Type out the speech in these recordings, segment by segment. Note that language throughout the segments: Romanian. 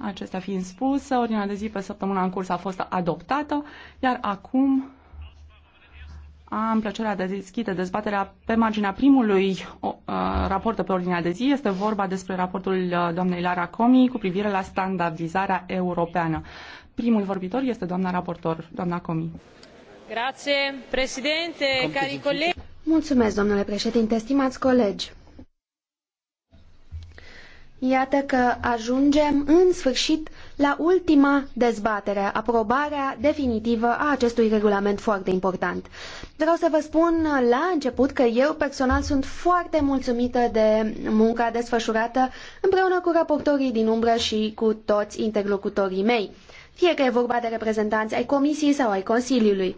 Acestea fiind spuse, ordinea de zi pe săptămâna în curs a fost adoptată, iar acum am plăcerea de deschide dezbaterea pe marginea primului raport de pe ordinea de zi. Este vorba despre raportul doamnei Lara Comi cu privire la standardizarea europeană. Primul vorbitor este doamna raportor, doamna Comi. Grazie, președinte, cari colegi. Mulțumesc, domnule președinte, stimați colegi. Iată că ajungem în sfârșit la ultima dezbatere, aprobarea definitivă a acestui regulament foarte important. Vreau să vă spun la început că eu personal sunt foarte mulțumită de munca desfășurată împreună cu raportorii din umbră și cu toți interlocutorii mei, fie că e vorba de reprezentanți ai Comisiei sau ai Consiliului.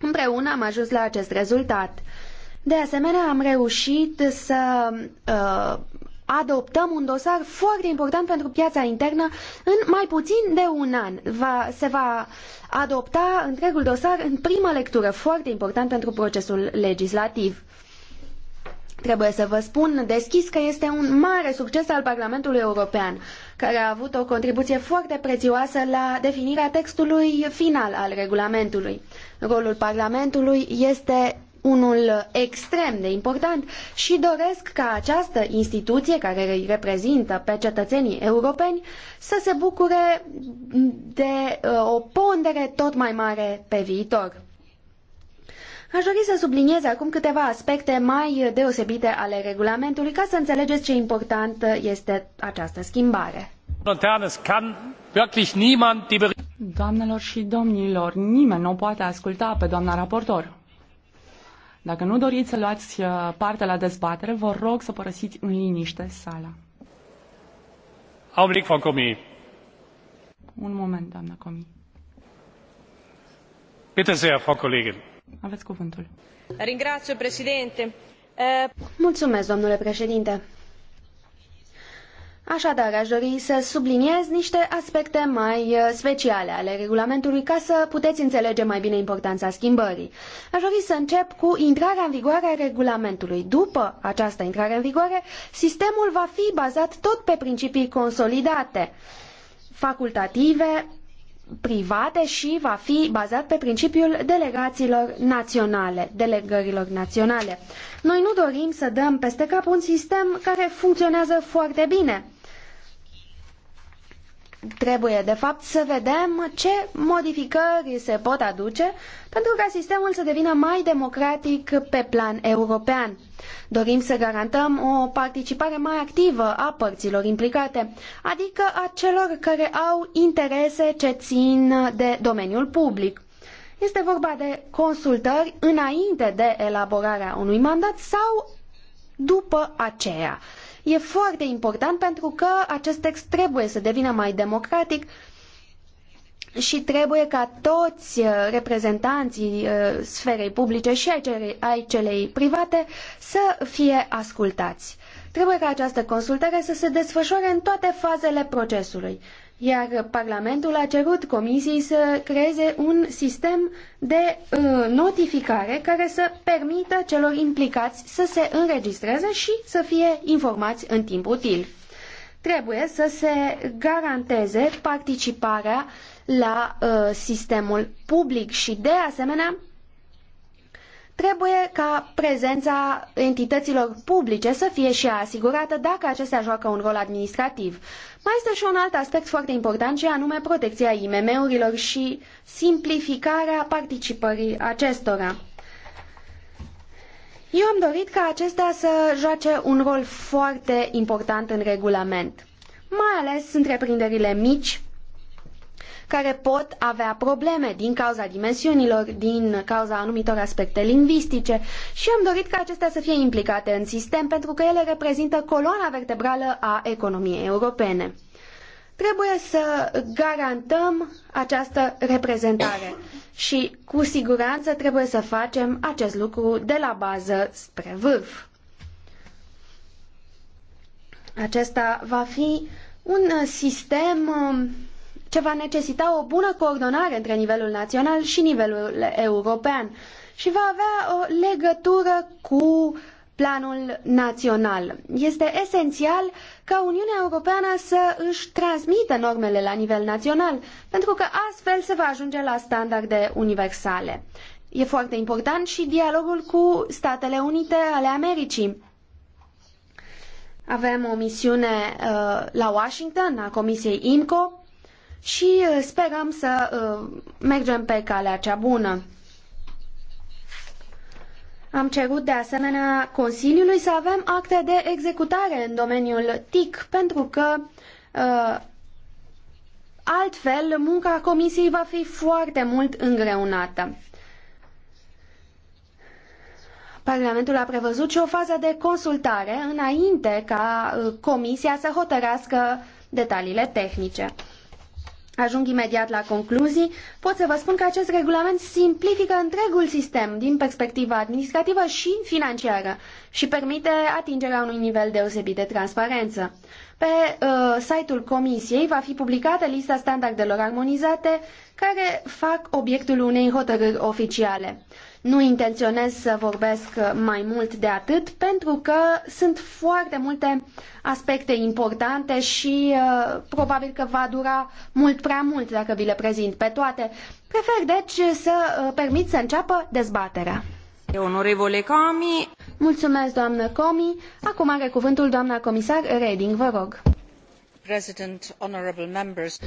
Împreună am ajuns la acest rezultat. De asemenea, am reușit să uh, adoptăm un dosar foarte important pentru piața internă în mai puțin de un an. Va, se va adopta întregul dosar în prima lectură, foarte important pentru procesul legislativ. Trebuie să vă spun deschis că este un mare succes al Parlamentului European, care a avut o contribuție foarte prețioasă la definirea textului final al regulamentului. Rolul Parlamentului este unul extrem de important și doresc ca această instituție care îi reprezintă pe cetățenii europeni să se bucure de uh, o pondere tot mai mare pe viitor. Aș dori să subliniez acum câteva aspecte mai deosebite ale regulamentului ca să înțelegeți ce importantă este această schimbare. Doamnelor și domnilor, nimeni nu poate asculta pe doamna raportor. Dacă nu doriți să luați uh, parte la dezbatere, vă rog să părăsiți în liniște sala. Augenblick, von Comi. Un moment, doamna Comi. Bitte sehr, Frau Kollegin. Aveți cuvântul. Ringrazio, președinte. Mulțumesc, domnule președinte. Așadar, aș dori să subliniez niște aspecte mai uh, speciale ale regulamentului ca să puteți înțelege mai bine importanța schimbării. Aș dori să încep cu intrarea în vigoare a regulamentului. După această intrare în vigoare, sistemul va fi bazat tot pe principii consolidate, facultative, private și va fi bazat pe principiul delegațiilor naționale, delegărilor naționale. Noi nu dorim să dăm peste cap un sistem care funcționează foarte bine. Trebuie, de fapt, să vedem ce modificări se pot aduce pentru ca sistemul să devină mai democratic pe plan european. Dorim să garantăm o participare mai activă a părților implicate, adică a celor care au interese ce țin de domeniul public. Este vorba de consultări înainte de elaborarea unui mandat sau după aceea. E foarte important pentru că acest text trebuie să devină mai democratic și trebuie ca toți uh, reprezentanții uh, sferei publice și ai celei private să fie ascultați. Trebuie ca această consultare să se desfășoare în toate fazele procesului. Iar Parlamentul a cerut Comisiei să creeze un sistem de uh, notificare care să permită celor implicați să se înregistreze și să fie informați în timp util. Trebuie să se garanteze participarea la uh, sistemul public și, de asemenea, trebuie ca prezența entităților publice să fie și asigurată dacă acestea joacă un rol administrativ. Mai este și un alt aspect foarte important și anume protecția IMM-urilor și simplificarea participării acestora. Eu am dorit ca acestea să joace un rol foarte important în regulament, mai ales întreprinderile mici care pot avea probleme din cauza dimensiunilor, din cauza anumitor aspecte lingvistice și am dorit ca acestea să fie implicate în sistem pentru că ele reprezintă coloana vertebrală a economiei europene. Trebuie să garantăm această reprezentare și cu siguranță trebuie să facem acest lucru de la bază spre vârf. Acesta va fi un sistem um, ce va necesita o bună coordonare între nivelul național și nivelul european și va avea o legătură cu planul național. Este esențial ca Uniunea Europeană să își transmită normele la nivel național, pentru că astfel se va ajunge la standarde universale. E foarte important și dialogul cu Statele Unite ale Americii. Avem o misiune uh, la Washington a Comisiei IMCO și uh, sperăm să uh, mergem pe calea cea bună. Am cerut de asemenea Consiliului să avem acte de executare în domeniul TIC, pentru că uh, altfel munca Comisiei va fi foarte mult îngreunată. Parlamentul a prevăzut și o fază de consultare înainte ca Comisia să hotărească detaliile tehnice. Ajung imediat la concluzii. Pot să vă spun că acest regulament simplifică întregul sistem din perspectiva administrativă și financiară și permite atingerea unui nivel deosebit de transparență. Pe uh, site-ul Comisiei va fi publicată lista standardelor armonizate care fac obiectul unei hotărâri oficiale. Nu intenționez să vorbesc mai mult de atât, pentru că sunt foarte multe aspecte importante și uh, probabil că va dura mult prea mult dacă vi le prezint pe toate. Prefer deci să uh, permit să înceapă dezbaterea. Onorevole Comi. Mulțumesc, doamnă Comi. Acum are cuvântul doamna comisar Reding, vă rog. President, honorable members.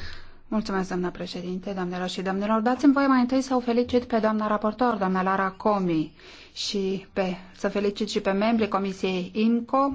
Mulțumesc, doamna președinte, doamnelor și domnilor. Dați-mi voie mai întâi să o felicit pe doamna raportor, doamna Lara Comi, și pe, să felicit și pe membrii Comisiei IMCO,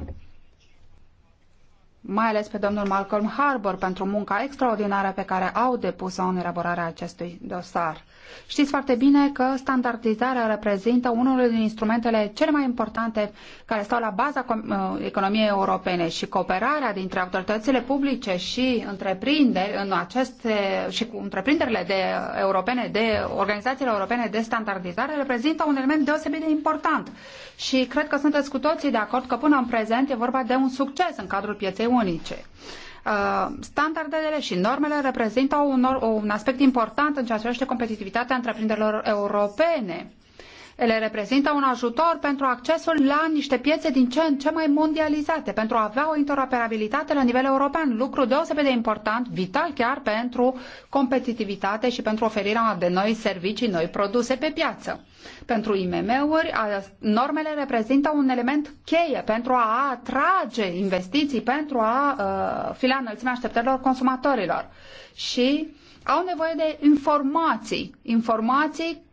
mai ales pe domnul Malcolm Harbour pentru munca extraordinară pe care au depus-o în elaborarea acestui dosar. Știți foarte bine că standardizarea reprezintă unul din instrumentele cele mai importante care stau la baza uh, economiei europene și cooperarea dintre autoritățile publice și întreprinderi în aceste și cu întreprinderile de uh, europene, de organizațiile europene de standardizare reprezintă un element deosebit de important. Și cred că sunteți cu toții de acord că până în prezent e vorba de un succes în cadrul pieței unice. Uh, standardele și normele reprezintă un, un aspect important în ceea ce privește competitivitatea întreprinderilor europene. Ele reprezintă un ajutor pentru accesul la niște piețe din ce în ce mai mondializate, pentru a avea o interoperabilitate la nivel european, lucru deosebit de important, vital chiar pentru competitivitate și pentru oferirea de noi servicii, noi produse pe piață. Pentru IMM-uri, normele reprezintă un element cheie pentru a atrage investiții, pentru a uh, la înălțimea așteptărilor consumatorilor. Și au nevoie de informații, informații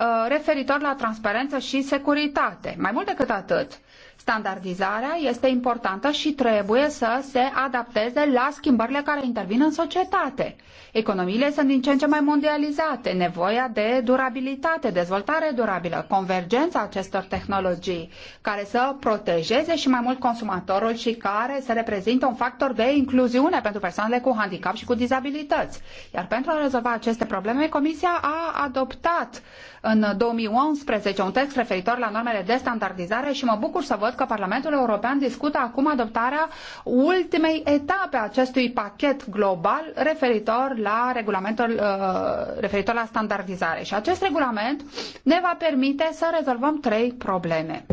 Uh, referitor la transparență și securitate. Mai mult decât atât, standardizarea este importantă și trebuie să se adapteze la schimbările care intervin în societate. Economiile sunt din ce în ce mai mondializate, nevoia de durabilitate, dezvoltare durabilă, convergența acestor tehnologii care să protejeze și mai mult consumatorul și care să reprezintă un factor de incluziune pentru persoanele cu handicap și cu dizabilități. Iar pentru a rezolva aceste probleme, Comisia a adoptat uh, în 2011 un text referitor la normele de standardizare și mă bucur să văd că Parlamentul European discută acum adoptarea ultimei etape a acestui pachet global referitor la regulamentul uh, referitor la standardizare. Și acest regulament ne va permite să rezolvăm trei probleme.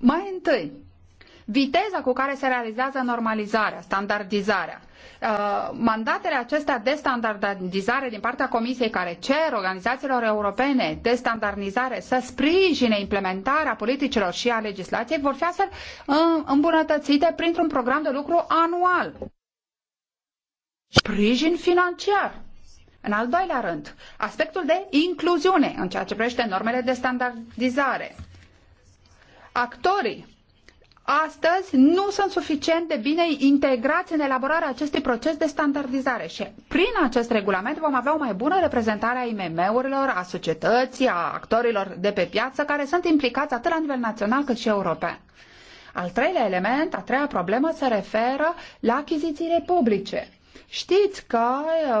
Mai întâi, viteza cu care se realizează normalizarea, standardizarea. Uh, mandatele acestea de standardizare din partea Comisiei care cer organizațiilor europene de standardizare să sprijine implementarea politicilor și a legislației vor fi astfel uh, îmbunătățite printr-un program de lucru anual. Sprijin financiar. În al doilea rând, aspectul de incluziune în ceea ce privește normele de standardizare. Actorii astăzi nu sunt suficient de bine integrați în elaborarea acestui proces de standardizare și prin acest regulament vom avea o mai bună reprezentare a IMM-urilor, a societății, a actorilor de pe piață care sunt implicați atât la nivel național cât și european. Al treilea element, a treia problemă se referă la achizițiile publice. Știți că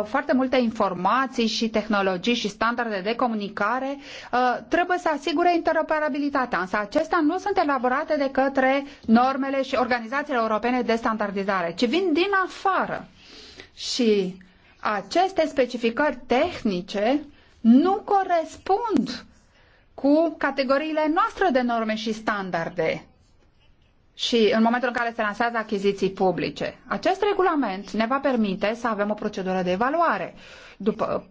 uh, foarte multe informații și tehnologii și standarde de comunicare uh, trebuie să asigure interoperabilitatea, însă acestea nu sunt elaborate de către normele și organizațiile europene de standardizare, ci vin din afară. Și aceste specificări tehnice nu corespund cu categoriile noastre de norme și standarde și în momentul în care se lansează achiziții publice. Acest regulament ne va permite să avem o procedură de evaluare după,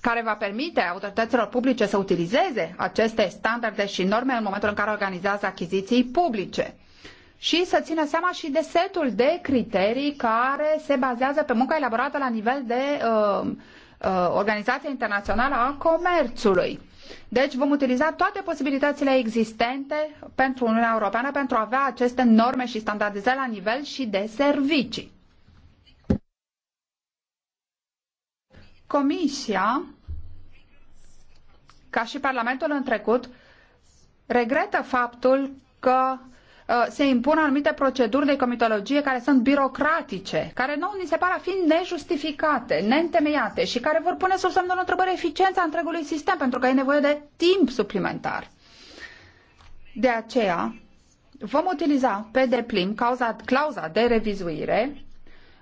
care va permite autorităților publice să utilizeze aceste standarde și norme în momentul în care organizează achiziții publice și să țină seama și de setul de criterii care se bazează pe munca elaborată la nivel de uh, uh, Organizația Internațională a Comerțului. Deci vom utiliza toate posibilitățile existente pentru Uniunea Europeană pentru a avea aceste norme și standardizări la nivel și de servicii. Comisia, ca și Parlamentul în trecut, regretă faptul că Uh, se impun anumite proceduri de comitologie care sunt birocratice, care nu ni se par a fi nejustificate, neîntemeiate și care vor pune sub semnul întrebări eficiența întregului sistem, pentru că e nevoie de timp suplimentar. De aceea, vom utiliza pe deplin cauza, clauza de revizuire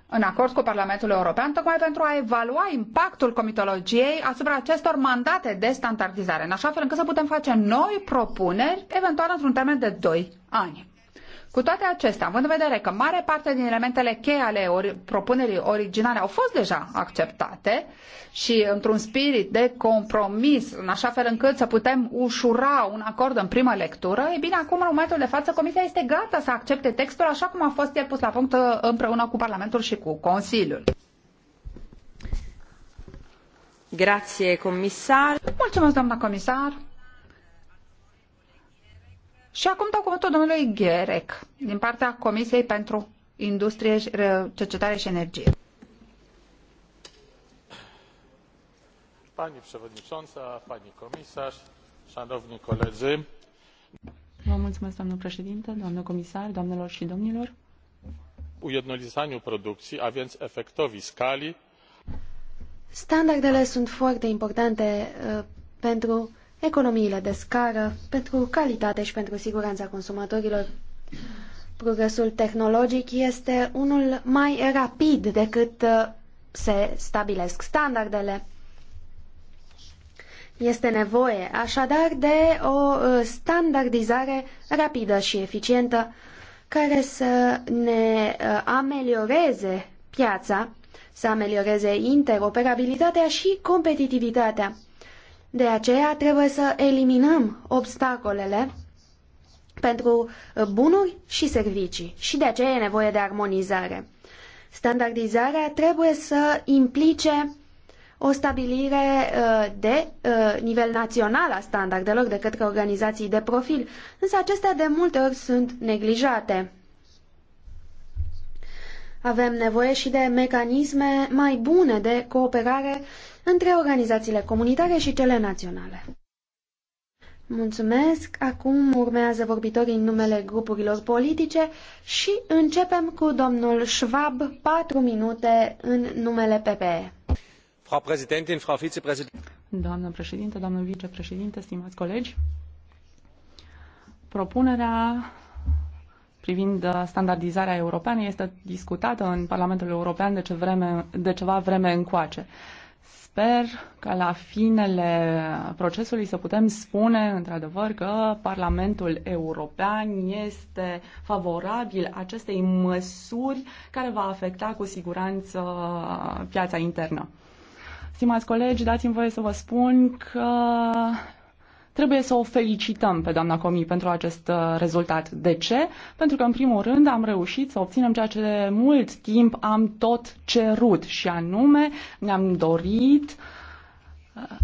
în acord cu Parlamentul European, tocmai pentru a evalua impactul comitologiei asupra acestor mandate de standardizare, în așa fel încât să putem face noi propuneri, eventual într-un termen de 2 ani. Cu toate acestea, având în vedere că mare parte din elementele cheie ale ori, propunerii originale au fost deja acceptate și într-un spirit de compromis, în așa fel încât să putem ușura un acord în primă lectură, e bine, acum, în momentul de față, Comisia este gata să accepte textul așa cum a fost el pus la punct uh, împreună cu Parlamentul și cu Consiliul. Grazie, comisar. Mulțumesc, doamna comisar. Și acum dau cuvântul domnului Gherec, din partea Comisiei pentru Industrie, Cercetare și Energie. Pani Przewodnicząca, Pani Komisarz, Szanowni Koledzy. Vă mulțumesc, doamnă președinte, doamnă comisar, doamnelor și domnilor. Ujednolizaniu producției, a więc efektowi skali. Standardele sunt foarte importante uh, pentru economiile de scară, pentru calitate și pentru siguranța consumatorilor. Progresul tehnologic este unul mai rapid decât uh, se stabilesc standardele. Este nevoie așadar de o uh, standardizare rapidă și eficientă care să ne uh, amelioreze piața, să amelioreze interoperabilitatea și competitivitatea. De aceea trebuie să eliminăm obstacolele pentru uh, bunuri și servicii și de aceea e nevoie de armonizare. Standardizarea trebuie să implice o stabilire uh, de uh, nivel național a standardelor de către organizații de profil, însă acestea de multe ori sunt neglijate. Avem nevoie și de mecanisme mai bune de cooperare între organizațiile comunitare și cele naționale. Mulțumesc! Acum urmează vorbitorii în numele grupurilor politice și începem cu domnul Schwab, 4 minute în numele PPE. Frau Präsidentin, Frau Vizepräsidentin. Doamnă președinte, doamnă vicepreședinte, stimați colegi, propunerea privind standardizarea europeană este discutată în Parlamentul European de, ce vreme, de ceva vreme încoace. Uh, sper ca la finele procesului să putem spune, într-adevăr, că Parlamentul European este favorabil acestei măsuri care va afecta cu siguranță piața internă. Stimați colegi, dați-mi voie să vă spun că Trebuie să o felicităm pe doamna Comi pentru acest uh, rezultat. De ce? Pentru că, în primul rând, am reușit să obținem ceea ce mult timp am tot cerut și anume ne-am dorit uh,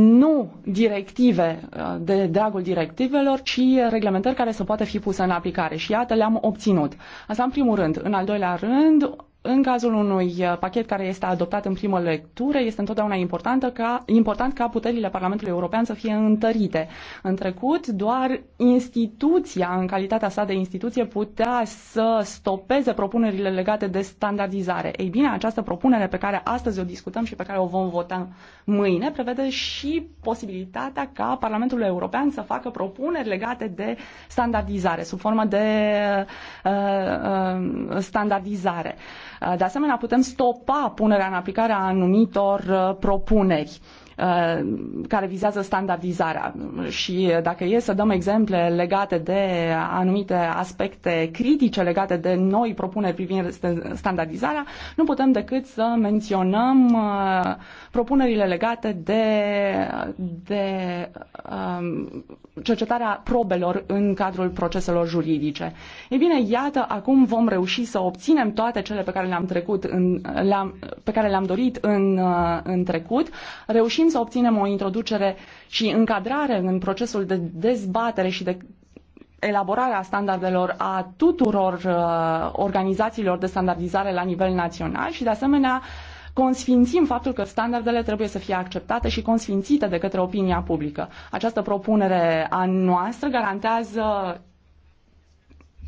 nu directive uh, de dragul directivelor, ci reglementări care să poată fi puse în aplicare. Și iată, le-am obținut. Asta în primul rând. În al doilea rând, în cazul unui uh, pachet care este adoptat în primă lectură, este întotdeauna importantă ca, important ca puterile Parlamentului European să fie întărite. În trecut, doar instituția, în calitatea sa de instituție, putea să stopeze propunerile legate de standardizare. Ei bine, această propunere pe care astăzi o discutăm și pe care o vom vota mâine prevede și posibilitatea ca Parlamentul European să facă propuneri legate de standardizare, sub formă de uh, uh, standardizare. Uh, de asemenea, putem stopa punerea în aplicare a anumitor uh, propuneri Uh, care vizează standardizarea. Și dacă e să dăm exemple legate de anumite aspecte critice legate de noi propuneri privind standardizarea, nu putem decât să menționăm uh, propunerile legate de, de um, cercetarea probelor în cadrul proceselor juridice. Ei bine, iată, acum vom reuși să obținem toate cele pe care le-am trecut în, le-am, pe care le-am dorit în, uh, în trecut, reușim să obținem o introducere și încadrare în procesul de dezbatere și de elaborare a standardelor a tuturor uh, organizațiilor de standardizare la nivel național și, de asemenea, consfințim faptul că standardele trebuie să fie acceptate și consfințite de către opinia publică. Această propunere a noastră garantează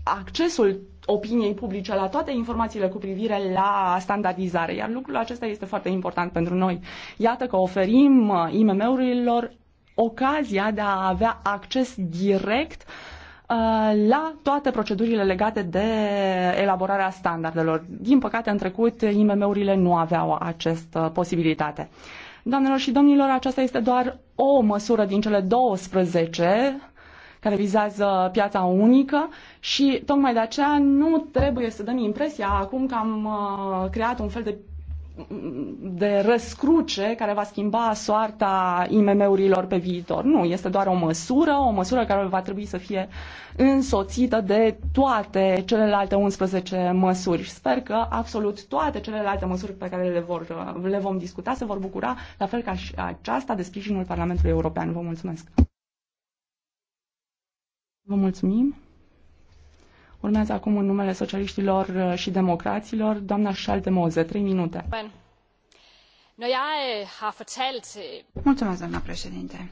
accesul opiniei publice la toate informațiile cu privire la standardizare, iar lucrul acesta este foarte important pentru noi. Iată că oferim uh, IMM-urilor ocazia de a avea acces direct uh, la toate procedurile legate de elaborarea standardelor. Din păcate, în trecut, IMM-urile nu aveau această posibilitate. Doamnelor și domnilor, aceasta este doar o măsură din cele 12 care vizează piața unică și tocmai de aceea nu trebuie să dăm impresia acum că am uh, creat un fel de de răscruce care va schimba soarta IMM-urilor pe viitor. Nu, este doar o măsură, o măsură care va trebui să fie însoțită de toate celelalte 11 măsuri. Sper că absolut toate celelalte măsuri pe care le, vor, le vom discuta se vor bucura, la fel ca și aceasta, de sprijinul Parlamentului European. Vă mulțumesc! Vă mulțumim. Urmează acum în numele socialiștilor uh, și democraților doamna Moze, 3 minute. Øh, øh, Mulțumesc, doamna președinte.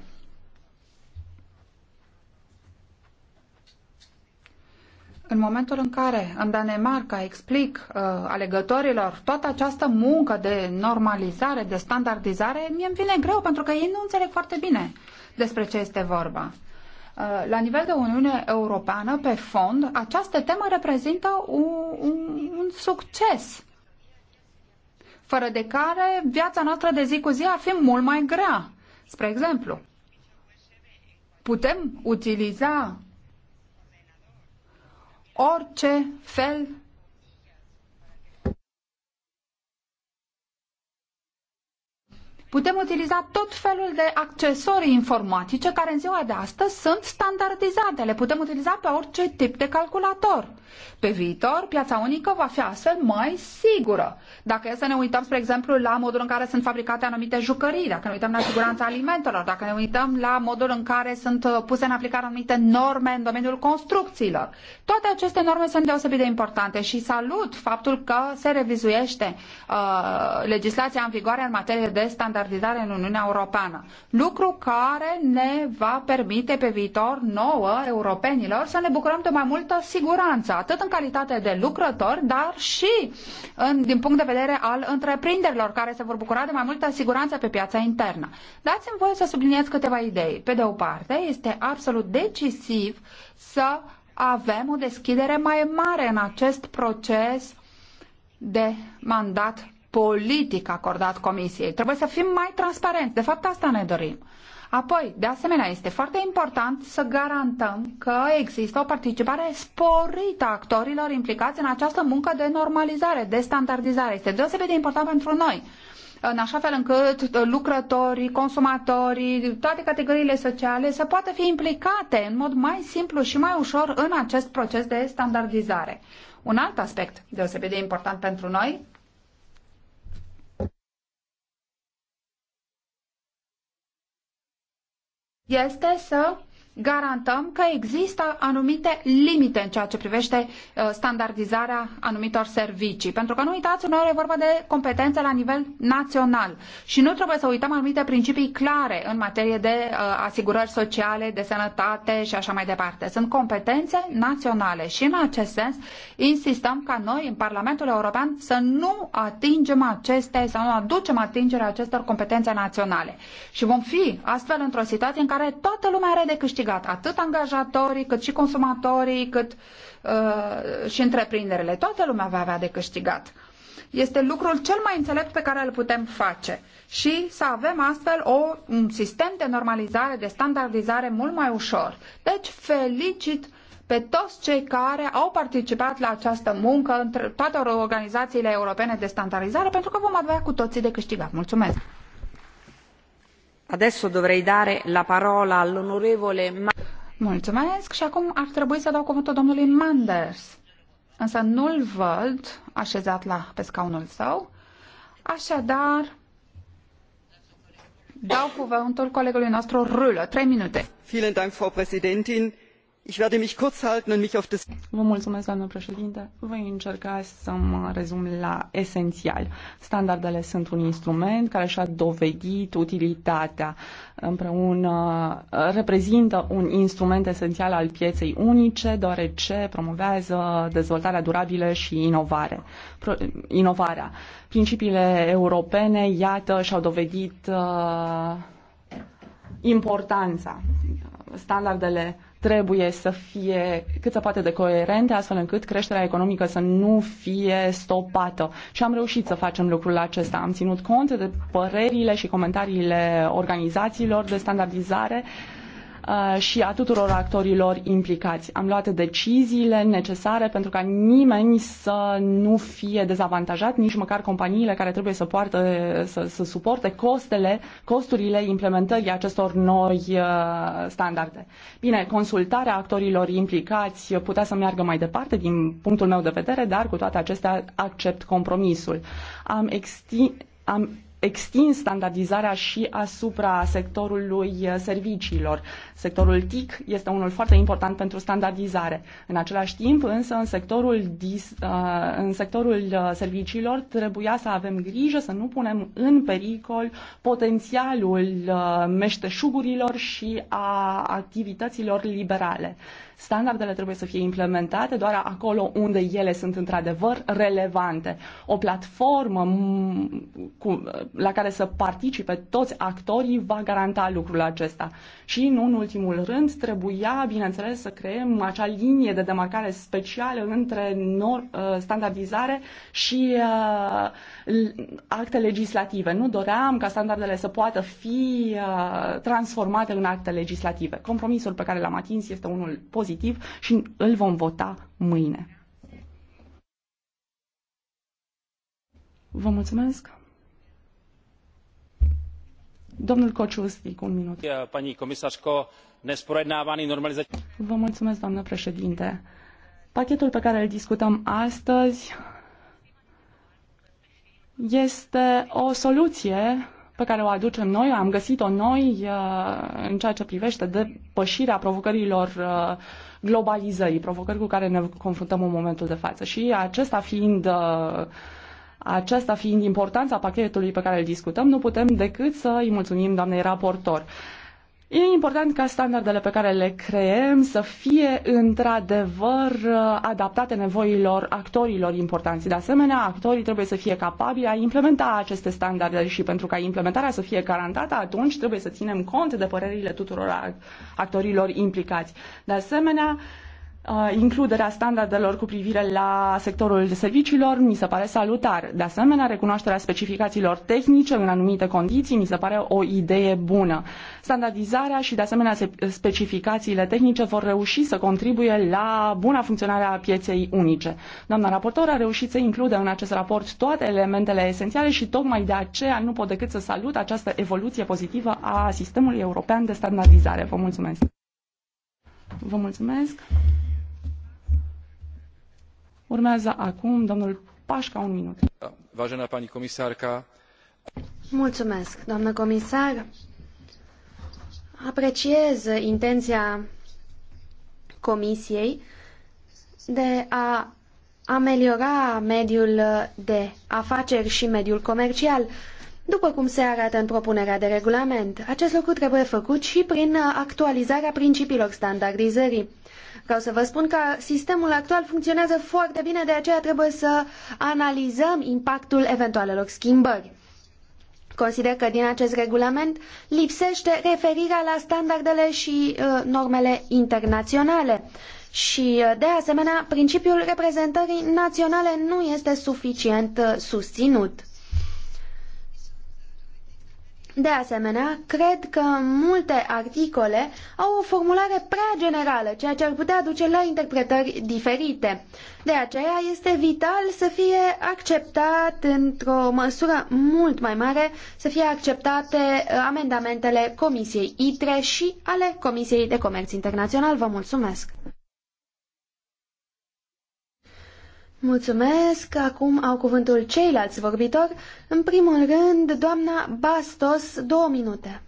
în momentul în care în Danemarca explic uh, alegătorilor toată această muncă de normalizare, de standardizare, mie îmi vine greu pentru că ei nu înțeleg foarte bine despre ce este vorba. Uh, la nivel de Uniune Europeană, pe fond, această temă reprezintă un, un, un succes fără de care viața noastră de zi cu zi ar fi mult mai grea. Spre exemplu, putem utiliza orice fel Putem utiliza tot felul de accesorii informatice care în ziua de astăzi sunt standardizate. Le putem utiliza pe orice tip de calculator. Pe viitor, piața unică va fi astfel mai sigură. Dacă e să ne uităm, spre exemplu, la modul în care sunt fabricate anumite jucării, dacă ne uităm la siguranța alimentelor, dacă ne uităm la modul în care sunt uh, puse în aplicare anumite norme în domeniul construcțiilor. Toate aceste norme sunt deosebit de importante și salut faptul că se revizuiește uh, legislația în vigoare în materie de standardizare standardizare în Uniunea Europeană, lucru care ne va permite pe viitor nouă europenilor să ne bucurăm de mai multă siguranță, atât în calitate de lucrători, dar și în, din punct de vedere al întreprinderilor care se vor bucura de mai multă siguranță pe piața internă. Dați-mi voie să subliniez câteva idei. Pe de o parte, este absolut decisiv să avem o deschidere mai mare în acest proces de mandat politic acordat Comisiei. Trebuie să fim mai transparenți. De fapt, asta ne dorim. Apoi, de asemenea, este foarte important să garantăm că există o participare sporită a actorilor implicați în această muncă de normalizare, de standardizare. Este deosebit de important pentru noi în așa fel încât lucrătorii, consumatorii, toate categoriile sociale să poată fi implicate în mod mai simplu și mai ușor în acest proces de standardizare. Un alt aspect deosebit de important pentru noi este să garantăm că există anumite limite în ceea ce privește uh, standardizarea anumitor servicii. Pentru că nu uitați, noi e vorba de competențe la nivel național și nu trebuie să uităm anumite principii clare în materie de uh, asigurări sociale, de sănătate și așa mai departe. Sunt competențe naționale și în acest sens insistăm ca noi în Parlamentul European să nu atingem aceste, să nu aducem atingerea acestor competențe naționale. Și vom fi astfel într-o situație în care toată lumea are de câștigat câștigat atât angajatorii, cât și consumatorii, cât uh, și întreprinderile. Toată lumea va avea de câștigat. Este lucrul cel mai înțelept pe care îl putem face și să avem astfel o, un sistem de normalizare, de standardizare mult mai ușor. Deci felicit pe toți cei care au participat la această muncă între toate organizațiile europene de standardizare, pentru că vom avea cu toții de câștigat. Mulțumesc! Mulțumesc și acum ar trebui să dau cuvântul domnului Manders. Însă nu-l văd așezat la, pe scaunul său. Așadar, dau cuvântul colegului nostru Rulă. Trei minute. Vielen Dank, Frau Präsidentin. Ich werde mich kurz halten und mich auf das Vă mulțumesc, doamnă președinte. Voi încerca să mă rezum la esențial. Standardele sunt un instrument care și-a dovedit utilitatea împreună, reprezintă un instrument esențial al pieței unice, deoarece promovează dezvoltarea durabilă și inovare. Pro, inovarea. Principiile europene, iată, și-au dovedit uh, importanța. Standardele trebuie să fie cât se poate de coerente, astfel încât creșterea economică să nu fie stopată. Și am reușit să facem lucrul acesta. Am ținut cont de părerile și comentariile organizațiilor de standardizare Uh, și a tuturor actorilor implicați. Am luat deciziile necesare pentru ca nimeni să nu fie dezavantajat, nici măcar companiile care trebuie să, poartă, să, să suporte costele, costurile implementării acestor noi uh, standarde. Bine, consultarea actorilor implicați putea să meargă mai departe din punctul meu de vedere, dar cu toate acestea accept compromisul. Am, exti- am extins standardizarea și asupra sectorului uh, serviciilor. Sectorul TIC este unul foarte important pentru standardizare. În același timp, însă, în sectorul, dis, uh, în sectorul uh, serviciilor trebuia să avem grijă să nu punem în pericol potențialul meșteșugurilor și a activităților liberale. Standardele trebuie să fie implementate doar acolo unde ele sunt într-adevăr relevante. O platformă cu, la care să participe toți actorii va garanta lucrul acesta. Și, nu în ultimul rând, trebuia, bineînțeles, să creăm acea linie de demarcare specială între nor, uh, standardizare și uh, acte legislative. Nu doream ca standardele să poată fi uh, transformate în acte legislative. Compromisul pe care l-am atins este unul pozitiv pozitiv și îl vom vota mâine. Vă mulțumesc. Domnul Kociusnik, un minut. Pani comisarko, nesprojednávaný normalizační... Vă mulțumesc, doamnă președinte. Pachetul pe care îl discutăm astăzi este o soluție pe care o aducem noi, am găsit-o noi uh, în ceea ce privește depășirea provocărilor uh, globalizării, provocări cu care ne confruntăm în momentul de față. Și acesta fiind uh, aceasta fiind importanța pachetului pe care îl discutăm, nu putem decât să îi mulțumim doamnei raportor. E important ca standardele pe care le creăm să fie într-adevăr uh, adaptate nevoilor actorilor importanți. De asemenea, actorii trebuie să fie capabili a implementa aceste standarde și pentru ca implementarea să fie garantată, atunci trebuie să ținem cont de părerile tuturor actorilor implicați. De asemenea, Uh, includerea standardelor cu privire la sectorul serviciilor mi se pare salutar. De asemenea, recunoașterea specificațiilor tehnice în anumite condiții mi se pare o idee bună. Standardizarea și, de asemenea, specificațiile tehnice vor reuși să contribuie la buna funcționare a pieței unice. Doamna raportor a reușit să includă în acest raport toate elementele esențiale și tocmai de aceea nu pot decât să salut această evoluție pozitivă a sistemului european de standardizare. Vă mulțumesc! Vă mulțumesc! Urmează acum domnul Pașca, un minut. Vážená pani comisarka. Mulțumesc, doamnă comisar. Apreciez intenția comisiei de a ameliora mediul de afaceri și mediul comercial, după cum se arată în propunerea de regulament. Acest lucru trebuie făcut și prin actualizarea principiilor standardizării. Vreau să vă spun că sistemul actual funcționează foarte bine, de aceea trebuie să analizăm impactul eventualelor schimbări. Consider că din acest regulament lipsește referirea la standardele și uh, normele internaționale. Și, uh, de asemenea, principiul reprezentării naționale nu este suficient uh, susținut. De asemenea, cred că multe articole au o formulare prea generală, ceea ce ar putea duce la interpretări diferite. De aceea este vital să fie acceptat într-o măsură mult mai mare, să fie acceptate uh, amendamentele Comisiei ITRE și ale Comisiei de Comerț Internațional. Vă mulțumesc! Mulțumesc. Acum au cuvântul ceilalți vorbitori. În primul rând, doamna Bastos, două minute.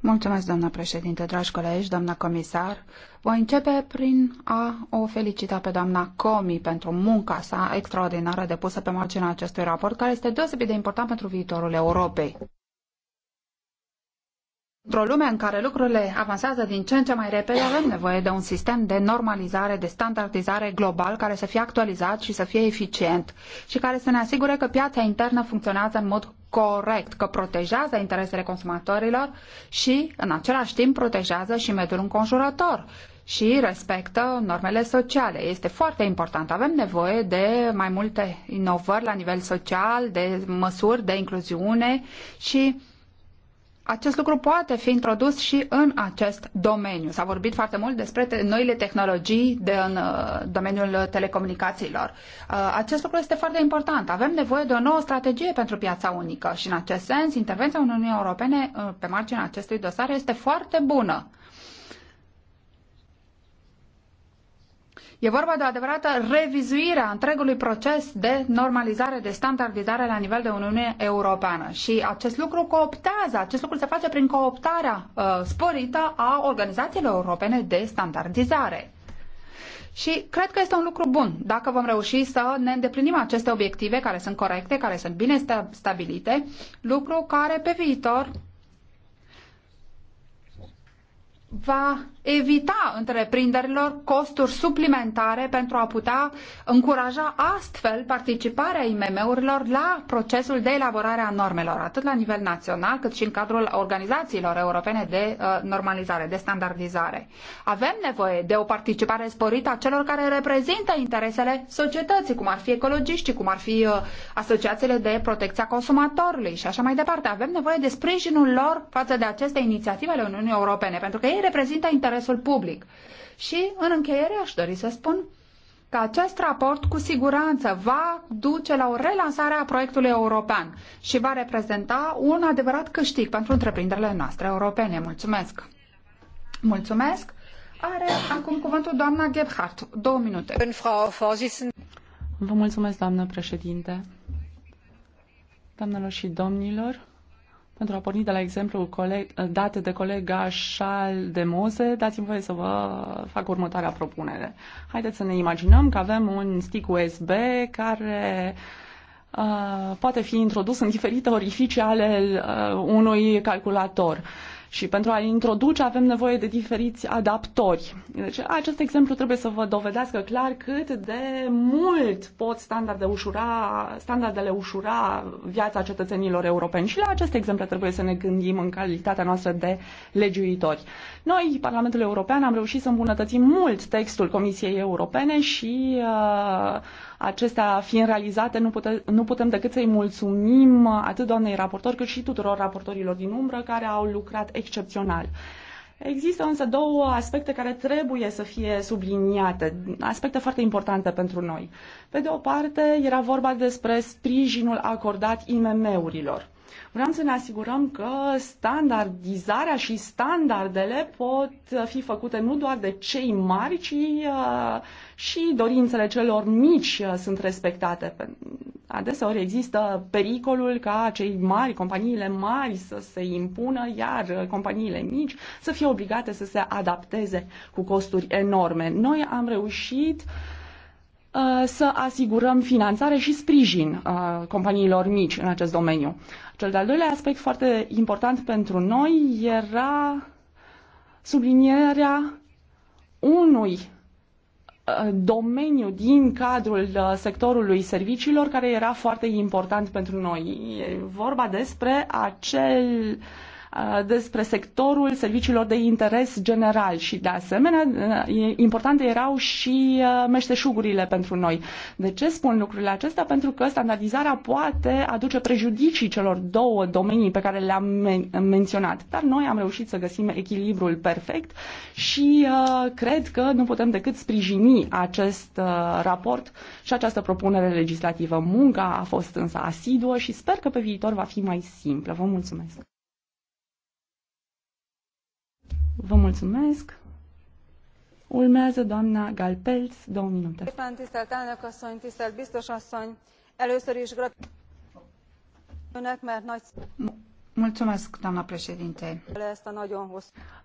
Mulțumesc, doamna președinte, dragi colegi, doamna comisar. Voi începe prin a o felicita pe doamna Comi pentru munca sa extraordinară depusă pe marginea acestui raport, care este deosebit de important pentru viitorul Europei. Într-o lume în care lucrurile avansează din ce în ce mai repede, avem nevoie de un sistem de normalizare, de standardizare global care să fie actualizat și să fie eficient și care să ne asigure că piața internă funcționează în mod corect, că protejează interesele consumatorilor și, în același timp, protejează și mediul înconjurător și respectă normele sociale. Este foarte important. Avem nevoie de mai multe inovări la nivel social, de măsuri de incluziune și acest lucru poate fi introdus și în acest domeniu. S-a vorbit foarte mult despre te noile tehnologii de în uh, domeniul telecomunicațiilor. Uh, acest lucru este foarte important. Avem nevoie de o nouă strategie pentru piața unică și în acest sens intervenția Uniunii Europene uh, pe marginea acestui dosar este foarte bună. E vorba de o adevărată revizuire a întregului proces de normalizare, de standardizare la nivel de Uniune Europeană. Și acest lucru cooptează, acest lucru se face prin cooptarea uh, sporită a organizațiilor europene de standardizare. Și cred că este un lucru bun dacă vom reuși să ne îndeplinim aceste obiective care sunt corecte, care sunt bine stabilite, lucru care pe viitor va evita întreprinderilor costuri suplimentare pentru a putea încuraja astfel participarea IMM-urilor la procesul de elaborare a normelor, atât la nivel național, cât și în cadrul organizațiilor europene de uh, normalizare, de standardizare. Avem nevoie de o participare sporită a celor care reprezintă interesele societății, cum ar fi ecologiștii, cum ar fi uh, asociațiile de protecția consumatorului și așa mai departe. Avem nevoie de sprijinul lor față de aceste inițiative ale Uniunii Europene, pentru că ei reprezintă interesul public. Și, în încheiere, aș dori să spun că acest raport cu siguranță va duce la o relansare a proiectului european și va reprezenta un adevărat câștig pentru întreprinderile noastre europene. Mulțumesc! Mulțumesc! Are acum cuvântul doamna Gebhardt. Două minute. Vă mulțumesc, doamnă președinte. Doamnelor și domnilor, pentru a porni de la exemplul coleg, dat de colega Șal de Moze, dați-mi voie să vă fac următoarea propunere. Haideți să ne imaginăm că avem un stick USB care uh, poate fi introdus în diferite orificii ale uh, unui calculator. Uh, și pentru a introduce avem nevoie de diferiți adaptori. Deci acest exemplu trebuie să vă dovedească clar cât de mult pot standarde ușura, standardele ușura viața cetățenilor europeni și la acest exemplu trebuie să ne gândim în calitatea noastră de legiuitori. Noi, Parlamentul European, am reușit să îmbunătățim mult textul Comisiei Europene și uh, Acestea fiind realizate, nu, pute, nu putem decât să-i mulțumim atât doamnei raportor cât și tuturor raportorilor din umbră care au lucrat excepțional. Există însă două aspecte care trebuie să fie subliniate, aspecte foarte importante pentru noi. Pe de o parte, era vorba despre sprijinul acordat IMM-urilor. Vreau să ne asigurăm că standardizarea și standardele pot fi făcute nu doar de cei mari, ci uh, și dorințele celor mici uh, sunt respectate. Adeseori există pericolul ca cei mari, companiile mari să se impună, iar companiile mici să fie obligate să se adapteze cu costuri enorme. Noi am reușit uh, Uh, să asigurăm finanțare și sprijin uh, companiilor mici în acest domeniu. Cel de-al doilea aspect foarte important pentru noi era sublinierea unui uh, domeniu din cadrul sectorului serviciilor care era foarte important pentru noi. E vorba despre acel uh, despre sectorul serviciilor de interes general și, de asemenea, importante erau și meșteșugurile pentru noi. De ce spun lucrurile acestea? Pentru că standardizarea poate aduce prejudicii celor două domenii pe care le-am men- menționat. Dar noi am reușit să găsim echilibrul perfect și uh, cred că nu putem decât sprijini acest uh, raport și această propunere legislativă. Munca a fost însă asiduă și sper că pe viitor va fi mai simplă. Vă mulțumesc! Vă mulțumesc. Ulmează doamna Galpelț, două minute. először is gratulálok önök, mert nagy... Mulțumesc, doamna președinte.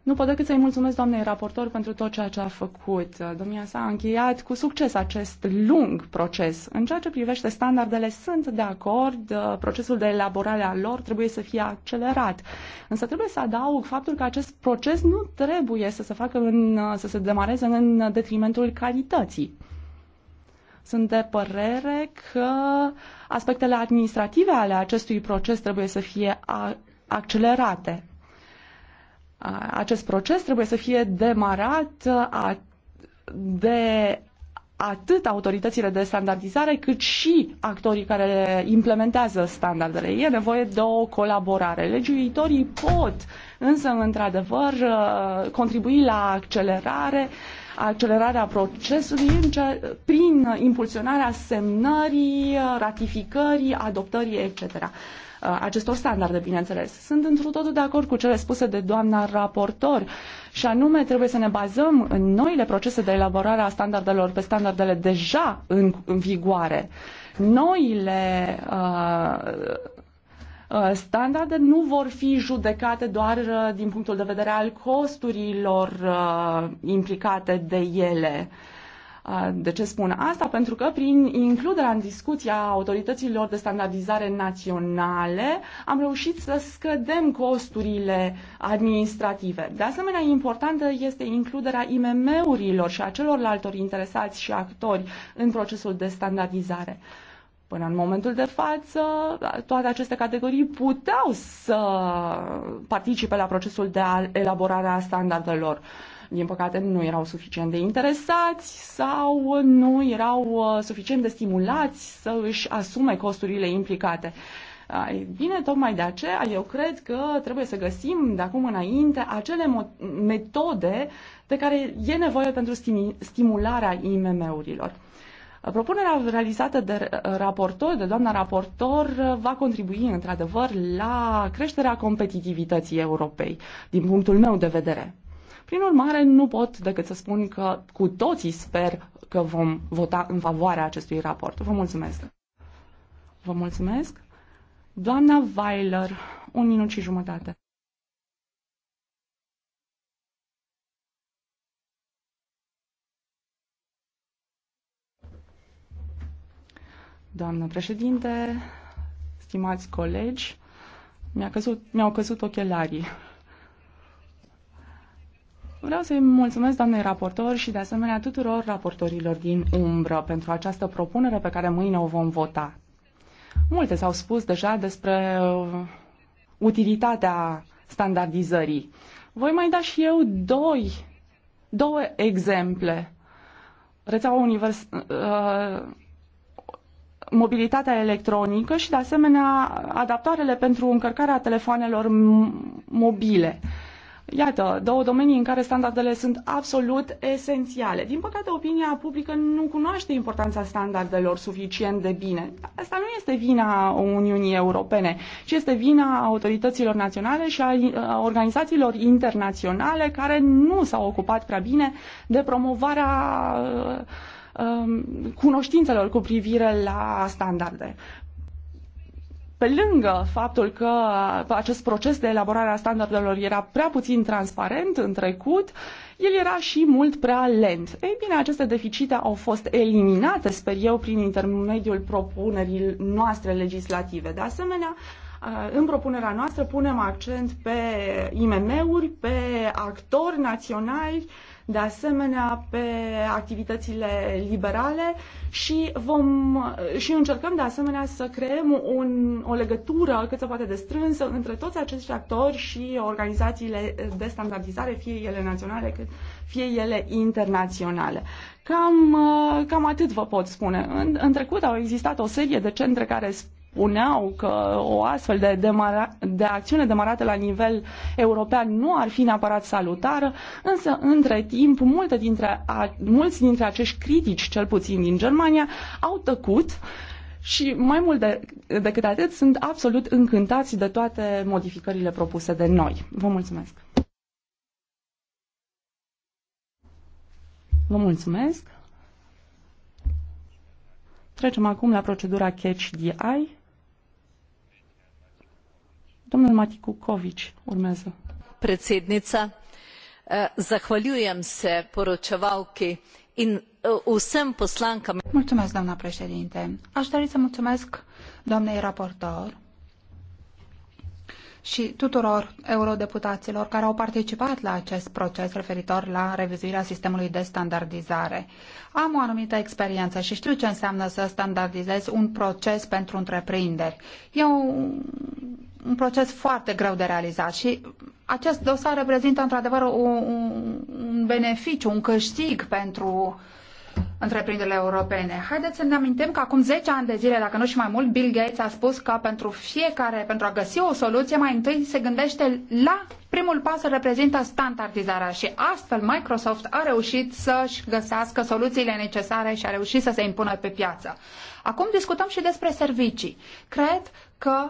Nu pot decât să-i mulțumesc doamnei raportor pentru tot ceea ce a făcut. Domnia sa a încheiat cu succes acest lung proces. În ceea ce privește standardele, sunt de acord, uh, procesul de elaborare a lor trebuie să fie accelerat. Însă trebuie să adaug faptul că acest proces nu trebuie să se facă în, uh, să se demareze în detrimentul calității. Sunt de părere că uh, Aspectele administrative ale acestui proces trebuie să fie accelerate. Acest proces trebuie să fie demarat de atât autoritățile de standardizare, cât și actorii care implementează standardele. E nevoie de o colaborare. Legiuitorii pot, însă, într-adevăr, contribui la accelerare uh, accelerarea procesului prin impulsionarea semnării, ratificării, adoptării, etc uh, acestor standarde, bineînțeles. Sunt într totul de acord cu cele spuse de doamna raportor și anume trebuie să ne bazăm în noile procese de elaborare a standardelor pe standardele deja în, în vigoare. Noile uh, Uh, standarde nu vor fi judecate doar uh, din punctul de vedere al costurilor uh, implicate de ele. De ce spun asta? Pentru că prin includerea în discuția autorităților de standardizare naționale am reușit să scădem costurile administrative. De asemenea, importantă este includerea IMM-urilor și a celorlalte interesați și actori în procesul de standardizare. Până în momentul de față, toate aceste categorii puteau să participe la procesul de elaborare a standardelor. Din păcate, nu erau suficient de interesați sau nu erau uh, suficient de stimulați să își asume costurile implicate. Bine, tocmai de aceea eu cred că trebuie să găsim de acum înainte acele metode de care e nevoie pentru stimularea IMM-urilor. Propunerea realizată de uh, raportor, de doamna raportor, uh, va contribui într-adevăr la creșterea competitivității Europei, din punctul meu de vedere. Prin urmare, nu pot decât să spun că cu toții sper că vom vota în favoarea acestui raport. Vă mulțumesc! Vă mulțumesc! Doamna Weiler, un minut și jumătate. Doamnă președinte, stimați colegi, mi-au căzut, mi căzut ochelarii. Vreau să-i mulțumesc doamnei raportor și de asemenea tuturor raportorilor din umbră pentru această propunere pe care mâine o vom vota. Multe s-au spus deja despre uh, utilitatea standardizării. Voi mai da și eu doi, două exemple. Rețeaua univers, uh, mobilitatea electronică și, de asemenea, adaptoarele pentru încărcarea telefoanelor mobile. Iată, două domenii în care standardele sunt absolut esențiale. Din păcate, opinia publică nu cunoaște importanța standardelor suficient de bine. Asta nu este vina Uniunii Europene, ci este vina autorităților naționale și a organizațiilor internaționale care nu s-au ocupat prea bine de promovarea uh, Um, cunoștințelor cu privire la standarde pe lângă faptul că acest proces de elaborare a standardelor era prea puțin transparent în trecut, el era și mult prea lent. Ei bine, aceste deficite au fost eliminate, sper eu, prin intermediul propunerii noastre legislative. De asemenea, uh, în propunerea noastră punem accent pe IMM-uri, pe actori naționali, de asemenea pe activitățile liberale și, vom, și încercăm de asemenea să creăm un, o legătură cât se poate de strânsă între toți acești actori și organizațiile de standardizare, fie ele naționale, fie ele internaționale. Cam, cam atât vă pot spune. În, în trecut au existat o serie de centre care spuneau că o astfel de, demara- de acțiune demarată la nivel european nu ar fi neapărat salutară, însă între timp multe dintre a, mulți dintre acești critici, cel puțin din Germania, au tăcut și mai mult de, decât atât sunt absolut încântați de toate modificările propuse de noi. Vă mulțumesc! Vă mulțumesc! Trecem acum la procedura Catch the Eye. Domnul Covici, urmează. Predsednica, eh, zahvaliujem se poročevalki in eh, vsem poslankam. Mulțumesc, doamna președinte. Aș dori să mulțumesc doamnei raportor și tuturor eurodeputaților care au participat la acest proces referitor la revizuirea sistemului de standardizare. Am o anumită experiență și știu ce înseamnă să standardizez un proces pentru întreprinderi. E un, un proces foarte greu de realizat și acest dosar reprezintă într-adevăr un, un beneficiu, un câștig pentru uh, întreprinderile europene. Haideți să ne amintim că acum 10 ani de zile, dacă nu și mai mult, Bill Gates a spus că pentru fiecare, pentru a găsi o soluție, mai întâi se gândește la primul pas reprezintă standardizarea și astfel Microsoft a reușit să-și găsească soluțiile necesare și a reușit să se impună pe piață. Acum discutăm și despre servicii. Cred că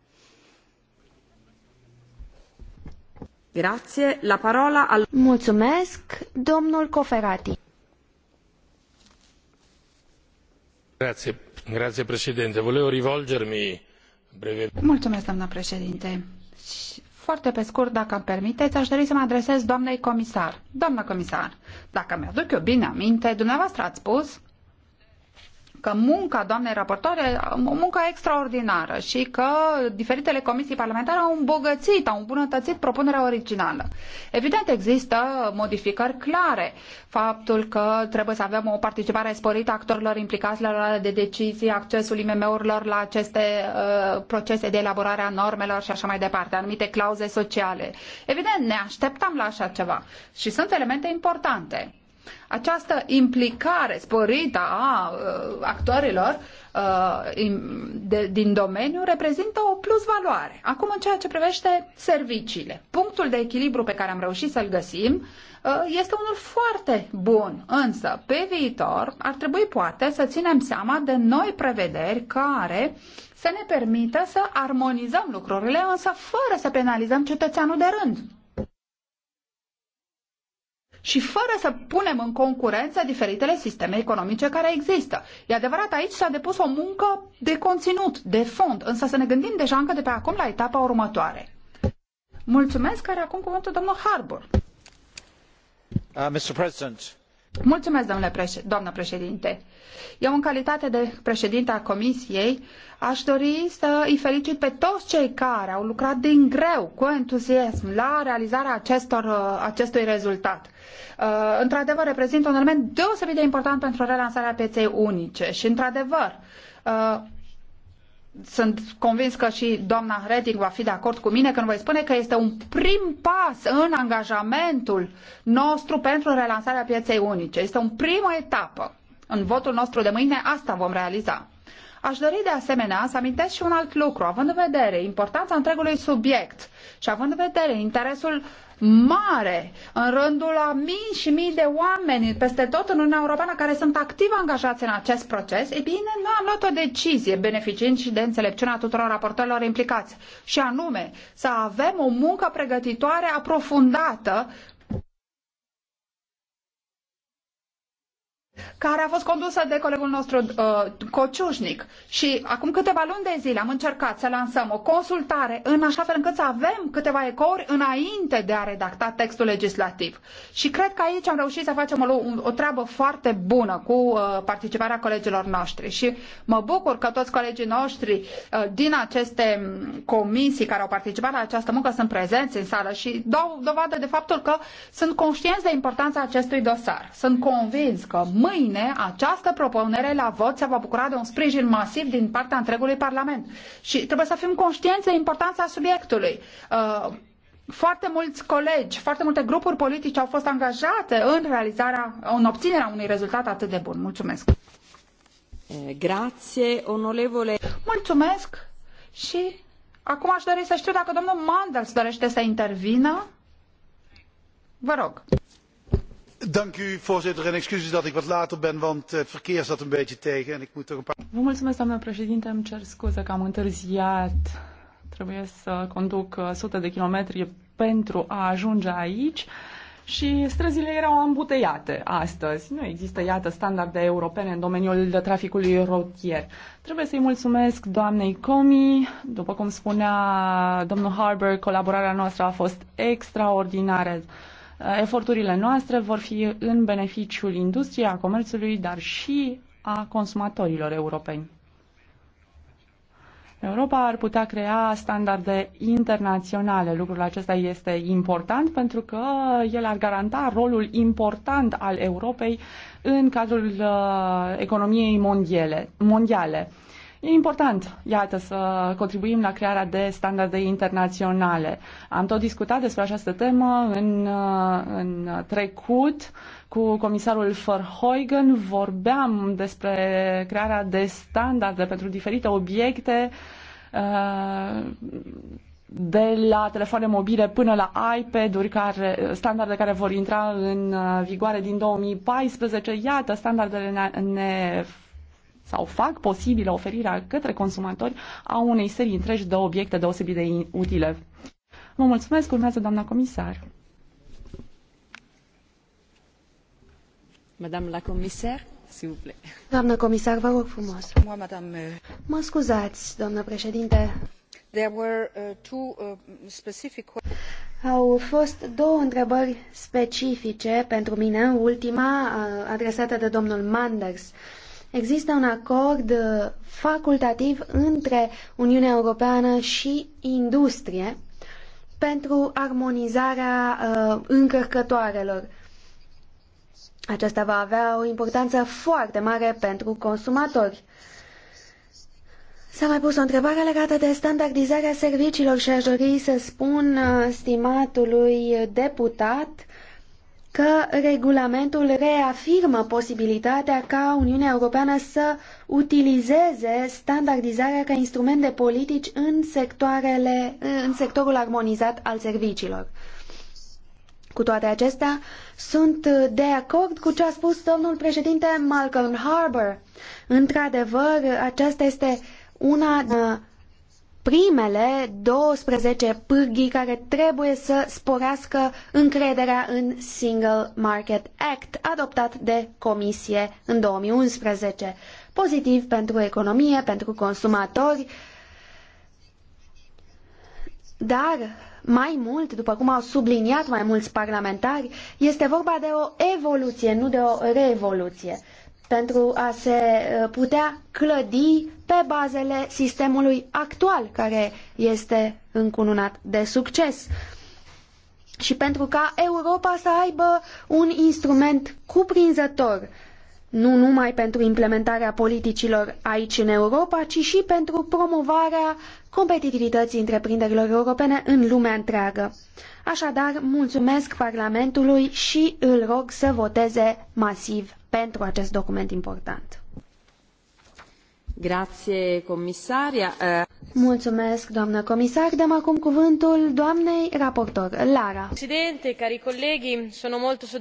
Grazie. La parola al... Mulțumesc, domnul Coferati. Grazie, Grazie Presidente. Volevo rivolgermi brevemente. Mulțumesc, doamna președinte. Foarte pe scurt, dacă îmi permiteți, aș dori să mă adresez doamnei comisar. Doamna comisar, dacă mi-aduc eu bine aminte, dumneavoastră ați spus că munca doamnei raportoare, o muncă extraordinară și că diferitele comisii parlamentare au îmbogățit, au îmbunătățit propunerea originală. Evident, există modificări clare. Faptul că trebuie să avem o participare sporită a actorilor implicați la luarea de decizii, accesul IMM-urilor la aceste uh, procese de elaborare a normelor și așa mai departe, anumite clauze sociale. Evident, ne așteptam la așa ceva și sunt elemente importante. Această implicare sporită a uh, actorilor uh, de, din domeniu reprezintă o plus valoare. Acum, în ceea ce privește serviciile, punctul de echilibru pe care am reușit să-l găsim uh, este unul foarte bun, însă pe viitor ar trebui poate să ținem seama de noi prevederi care să ne permită să armonizăm lucrurile, însă fără să penalizăm cetățeanul de rând și fără să punem în concurență diferitele sisteme economice care există. E adevărat, aici s-a depus o muncă de conținut, de fond, însă să ne gândim deja încă de pe acum la etapa următoare. Mulțumesc, care acum cuvântul domnul Harbour. Uh, Mr. President, Mulțumesc, domnule doamnă președinte. Eu, în calitate de președinte a Comisiei, aș dori să îi felicit pe toți cei care au lucrat din greu, cu entuziasm, la realizarea acestor, uh, acestui rezultat. Uh, într-adevăr, reprezintă un element deosebit de important pentru relansarea pieței unice și, într-adevăr, uh, sunt convins că și doamna Reding va fi de acord cu mine când voi spune că este un prim pas în angajamentul nostru pentru relansarea pieței unice. Este o primă etapă. În votul nostru de mâine asta vom realiza. Aș dori de asemenea să amintesc și un alt lucru, având în vedere importanța întregului subiect și având în vedere interesul mare în rândul a mii și mii de oameni peste tot în Uniunea Europeană care sunt activ angajați în acest proces, e bine, noi am luat o decizie beneficiind și de înțelepciunea tuturor raportorilor implicați și anume să avem o muncă pregătitoare aprofundată care a fost condusă de colegul nostru uh, Cociușnic și acum câteva luni de zile am încercat să lansăm o consultare în așa fel încât să avem câteva ecouri înainte de a redacta textul legislativ. Și cred că aici am reușit să facem o, o treabă foarte bună cu uh, participarea colegilor noștri și mă bucur că toți colegii noștri uh, din aceste comisii care au participat la această muncă sunt prezenți în sală și dau dovadă de faptul că sunt conștienți de importanța acestui dosar. Sunt convins că mâine mâine această propunere la vot se va bucura de un sprijin masiv din partea întregului Parlament. Și trebuie să fim conștienți de importanța subiectului. Uh, foarte mulți colegi, foarte multe grupuri politice au fost angajate în realizarea, în obținerea unui rezultat atât de bun. Mulțumesc! Eh, Grație, onorevole. Mulțumesc și acum aș dori să știu dacă domnul Manders dorește să intervină. Vă rog voorzitter excuses dat ik wat later ben want het eh, verkeer zat een beetje tegen en ik moet toch een paar. Vă mulțumesc doamnă președinte, îmi cer scuze că am întârziat. Trebuie să conduc eh, sute de kilometri pentru a ajunge aici și străzile erau ambuteiate astăzi. Nu există, iată, standarde europene în domeniul traficului rotier. Trebuie să-i mulțumesc doamnei Comi. După cum spunea domnul Harbour, colaborarea noastră a fost extraordinară eforturile noastre vor fi în beneficiul industriei, a comerțului, dar și a consumatorilor europeni. Europa ar putea crea standarde internaționale. Lucrul acesta este important pentru că el ar garanta rolul important al Europei în cadrul uh, economiei mondiale. mondiale. E important, iată, să contribuim la crearea de standarde internaționale. Am tot discutat despre această temă în, uh, în trecut cu comisarul Verheugen. Vorbeam despre crearea de standarde pentru diferite obiecte uh, de la telefoane mobile până la iPad-uri, care, standarde care vor intra în uh, vigoare din 2014. Iată, standardele ne, ne sau fac posibilă oferirea către consumatori a unei serii întregi de obiecte deosebit de utile. Vă mulțumesc, urmează doamna comisar. Madame la comisar, s'il vous plaît. Doamna comisar, vă rog frumos. Moi, madame... Euh, mă scuzați, doamna președinte. There were, uh, two, uh, specific... Au fost două întrebări specifice pentru mine, ultima uh, adresată de domnul Manders. Uh, Există un acord uh, facultativ între Uniunea Europeană și industrie pentru armonizarea uh, încărcătoarelor. Aceasta va avea o importanță foarte mare pentru consumatori. S-a mai pus o întrebare legată de standardizarea serviciilor și aș dori să spun uh, stimatului deputat că regulamentul reafirmă posibilitatea ca Uniunea Europeană să utilizeze standardizarea ca instrument de politici în, sectoarele, în sectorul armonizat al serviciilor. Cu toate acestea, sunt de acord cu ce a spus domnul președinte Malcolm Harbour. Într-adevăr, aceasta este una primele 12 pârghii care trebuie să sporească încrederea în Single Market Act, adoptat de Comisie în 2011. Pozitiv pentru economie, pentru consumatori, dar mai mult, după cum au subliniat mai mulți parlamentari, este vorba de o evoluție, nu de o revoluție. Re pentru a se uh, putea clădi pe bazele sistemului actual care este încununat de succes și pentru ca Europa să aibă un instrument cuprinzător nu numai pentru implementarea politicilor aici în Europa, ci și pentru promovarea competitivității întreprinderilor europene în lumea întreagă. Așadar, mulțumesc Parlamentului și îl rog să voteze masiv pentru acest document important. Grazie, comisaria. Eh, Mulțumesc, doamnă comisar. Dăm acum cuvântul doamnei raportor, Lara. Președinte, cari colegi, sunt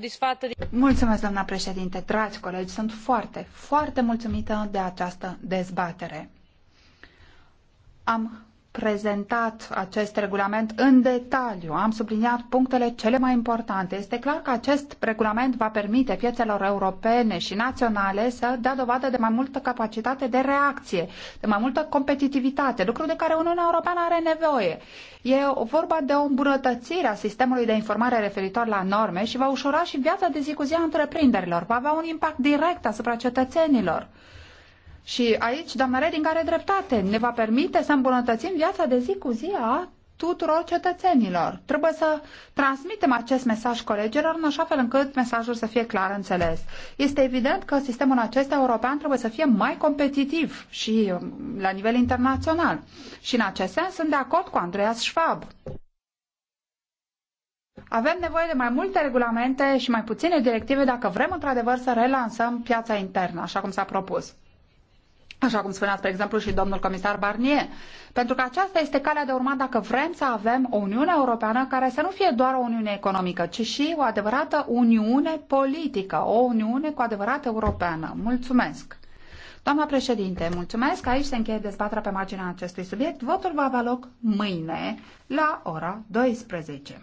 de... Mulțumesc, doamna președinte, dragi colegi, sunt foarte, foarte mulțumită de această dezbatere. Am prezentat acest regulament în detaliu, am subliniat punctele cele mai importante. Este clar că acest regulament va permite piețelor europene și naționale să dea dovadă de mai multă capacitate de reacție, de mai multă competitivitate, lucru de care Uniunea Europeană are nevoie. E vorba de o îmbunătățire a sistemului de informare referitor la norme și va ușura și viața de zi cu zi a întreprinderilor. Va avea un impact direct asupra cetățenilor. Și aici, doamna Reding are dreptate. Ne va permite să îmbunătățim viața de zi cu zi a tuturor cetățenilor. Trebuie să transmitem acest mesaj colegilor în așa fel încât mesajul să fie clar înțeles. Este evident că sistemul acesta european trebuie să fie mai competitiv și um, la nivel internațional. Și în acest sens sunt de acord cu Andreas Schwab. Avem nevoie de mai multe regulamente și mai puține directive dacă vrem într-adevăr să relansăm piața internă, așa cum s-a propus așa cum spunea, spre exemplu, și domnul comisar Barnier. Pentru că aceasta este calea de urmat dacă vrem să avem o Uniune Europeană care să nu fie doar o Uniune economică, ci și o adevărată Uniune politică, o Uniune cu adevărat europeană. Mulțumesc! Doamna președinte, mulțumesc. Aici se încheie dezbaterea pe marginea acestui subiect. Votul va avea loc mâine la ora 12.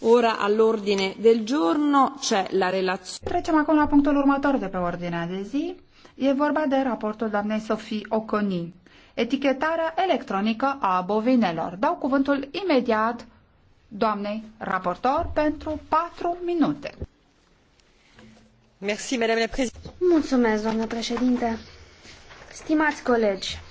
Ora all'ordine del giorno c'è la relazione. Trecem acum la punctul următor de pe ordinea de zi. E vorba de raportul doamnei Sofie Oconi. Etichetarea electronică a bovinelor. Dau cuvântul imediat doamnei raportor pentru 4 minute. Mulțumesc, doamnă președinte. Stimați colegi,